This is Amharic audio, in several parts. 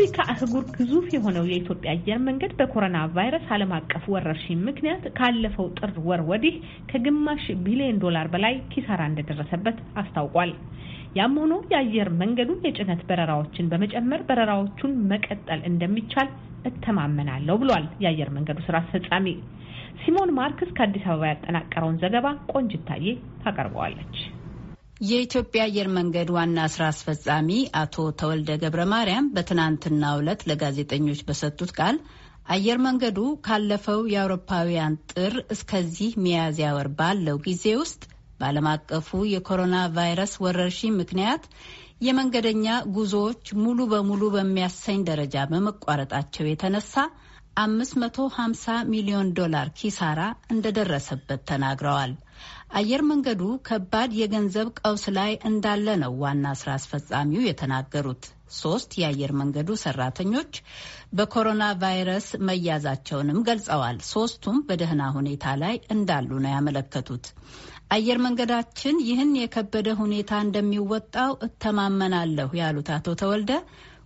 በአፍሪካ አህጉር ግዙፍ የሆነው የኢትዮጵያ አየር መንገድ በኮሮና ቫይረስ ዓለም አቀፍ ወረርሽኝ ምክንያት ካለፈው ጥር ወር ወዲህ ከግማሽ ቢሊዮን ዶላር በላይ ኪሳራ እንደደረሰበት አስታውቋል። ያም ሆኖ የአየር መንገዱን የጭነት በረራዎችን በመጨመር በረራዎቹን መቀጠል እንደሚቻል እተማመናለሁ ብሏል የአየር መንገዱ ስራ አስፈጻሚ ሲሞን ማርክስ ከአዲስ አበባ ያጠናቀረውን ዘገባ ቆንጅታዬ ታቀርበዋለች። የኢትዮጵያ አየር መንገድ ዋና ስራ አስፈጻሚ አቶ ተወልደ ገብረ ማርያም በትናንትናው ዕለት ለጋዜጠኞች በሰጡት ቃል አየር መንገዱ ካለፈው የአውሮፓውያን ጥር እስከዚህ ሚያዝያ ወር ባለው ጊዜ ውስጥ በዓለም አቀፉ የኮሮና ቫይረስ ወረርሽኝ ምክንያት የመንገደኛ ጉዞዎች ሙሉ በሙሉ በሚያሰኝ ደረጃ በመቋረጣቸው የተነሳ 550 ሚሊዮን ዶላር ኪሳራ እንደደረሰበት ተናግረዋል። አየር መንገዱ ከባድ የገንዘብ ቀውስ ላይ እንዳለ ነው ዋና ስራ አስፈጻሚው የተናገሩት። ሶስት የአየር መንገዱ ሰራተኞች በኮሮና ቫይረስ መያዛቸውንም ገልጸዋል። ሶስቱም በደህና ሁኔታ ላይ እንዳሉ ነው ያመለከቱት። አየር መንገዳችን ይህን የከበደ ሁኔታ እንደሚወጣው እተማመናለሁ ያሉት አቶ ተወልደ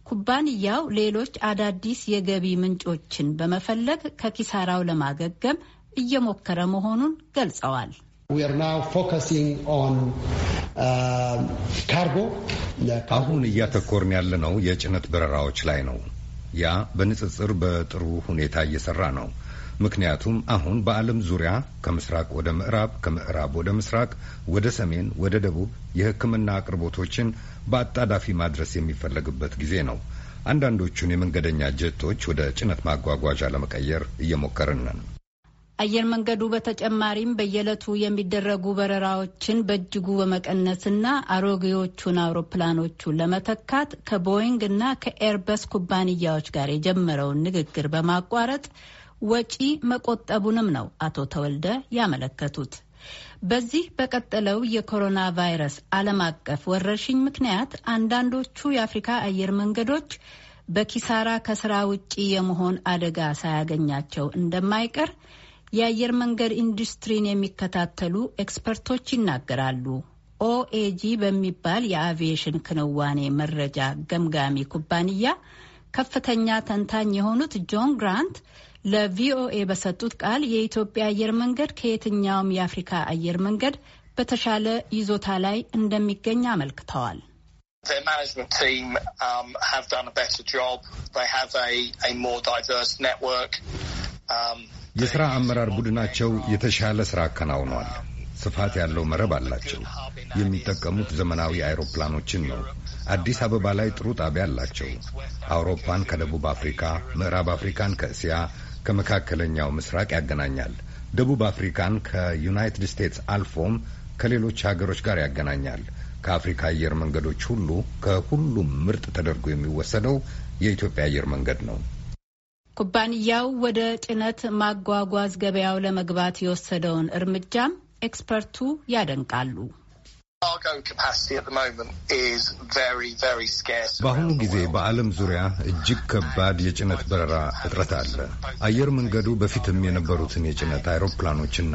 ኩባንያው ሌሎች አዳዲስ የገቢ ምንጮችን በመፈለግ ከኪሳራው ለማገገም እየሞከረ መሆኑን ገልጸዋል። uh, አሁን እያተኮርን ያለነው የጭነት በረራዎች ላይ ነው። ያ በንጽጽር በጥሩ ሁኔታ እየሰራ ነው። ምክንያቱም አሁን በዓለም ዙሪያ ከምስራቅ ወደ ምዕራብ፣ ከምዕራብ ወደ ምስራቅ፣ ወደ ሰሜን፣ ወደ ደቡብ የሕክምና አቅርቦቶችን በአጣዳፊ ማድረስ የሚፈለግበት ጊዜ ነው። አንዳንዶቹን የመንገደኛ ጀቶች ወደ ጭነት ማጓጓዣ ለመቀየር እየሞከርንን አየር መንገዱ በተጨማሪም በየዕለቱ የሚደረጉ በረራዎችን በእጅጉ በመቀነስና አሮጌዎቹን አውሮፕላኖቹን ለመተካት ከቦይንግ እና ከኤርበስ ኩባንያዎች ጋር የጀመረውን ንግግር በማቋረጥ ወጪ መቆጠቡንም ነው አቶ ተወልደ ያመለከቱት። በዚህ በቀጠለው የኮሮና ቫይረስ ዓለም አቀፍ ወረርሽኝ ምክንያት አንዳንዶቹ የአፍሪካ አየር መንገዶች በኪሳራ ከስራ ውጪ የመሆን አደጋ ሳያገኛቸው እንደማይቀር የአየር መንገድ ኢንዱስትሪን የሚከታተሉ ኤክስፐርቶች ይናገራሉ። ኦኤጂ በሚባል የአቪዬሽን ክንዋኔ መረጃ ገምጋሚ ኩባንያ ከፍተኛ ተንታኝ የሆኑት ጆን ግራንት ለቪኦኤ በሰጡት ቃል የኢትዮጵያ አየር መንገድ ከየትኛውም የአፍሪካ አየር መንገድ በተሻለ ይዞታ ላይ እንደሚገኝ አመልክተዋል። um, um, የስራ አመራር ቡድናቸው የተሻለ ስራ አከናውኗል። ስፋት ያለው መረብ አላቸው። የሚጠቀሙት ዘመናዊ አይሮፕላኖችን ነው። አዲስ አበባ ላይ ጥሩ ጣቢያ አላቸው። አውሮፓን ከደቡብ አፍሪካ፣ ምዕራብ አፍሪካን ከእስያ፣ ከመካከለኛው ምስራቅ ያገናኛል። ደቡብ አፍሪካን ከዩናይትድ ስቴትስ አልፎም ከሌሎች ሀገሮች ጋር ያገናኛል። ከአፍሪካ አየር መንገዶች ሁሉ ከሁሉም ምርጥ ተደርጎ የሚወሰደው የኢትዮጵያ አየር መንገድ ነው። ኩባንያው ወደ ጭነት ማጓጓዝ ገበያው ለመግባት የወሰደውን እርምጃም ኤክስፐርቱ ያደንቃሉ። በአሁኑ ጊዜ በዓለም ዙሪያ እጅግ ከባድ የጭነት በረራ እጥረት አለ። አየር መንገዱ በፊትም የነበሩትን የጭነት አይሮፕላኖችና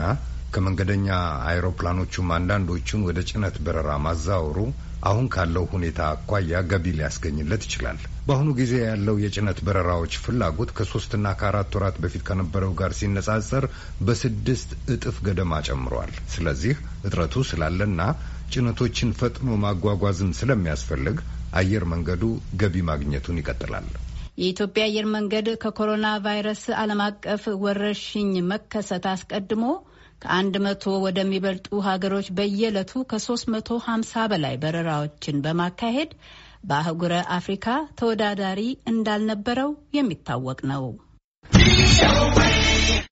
ከመንገደኛ አይሮፕላኖቹም አንዳንዶቹን ወደ ጭነት በረራ ማዛወሩ አሁን ካለው ሁኔታ አኳያ ገቢ ሊያስገኝለት ይችላል። በአሁኑ ጊዜ ያለው የጭነት በረራዎች ፍላጎት ከሶስትና ከአራት ወራት በፊት ከነበረው ጋር ሲነጻጸር በስድስት እጥፍ ገደማ ጨምሯል። ስለዚህ እጥረቱ ስላለና ጭነቶችን ፈጥኖ ማጓጓዝም ስለሚያስፈልግ አየር መንገዱ ገቢ ማግኘቱን ይቀጥላል። የኢትዮጵያ አየር መንገድ ከኮሮና ቫይረስ ዓለም አቀፍ ወረርሽኝ መከሰት አስቀድሞ ከአንድ መቶ ወደሚበልጡ ሀገሮች በየዕለቱ ከ350 በላይ በረራዎችን በማካሄድ በአህጉረ አፍሪካ ተወዳዳሪ እንዳልነበረው የሚታወቅ ነው።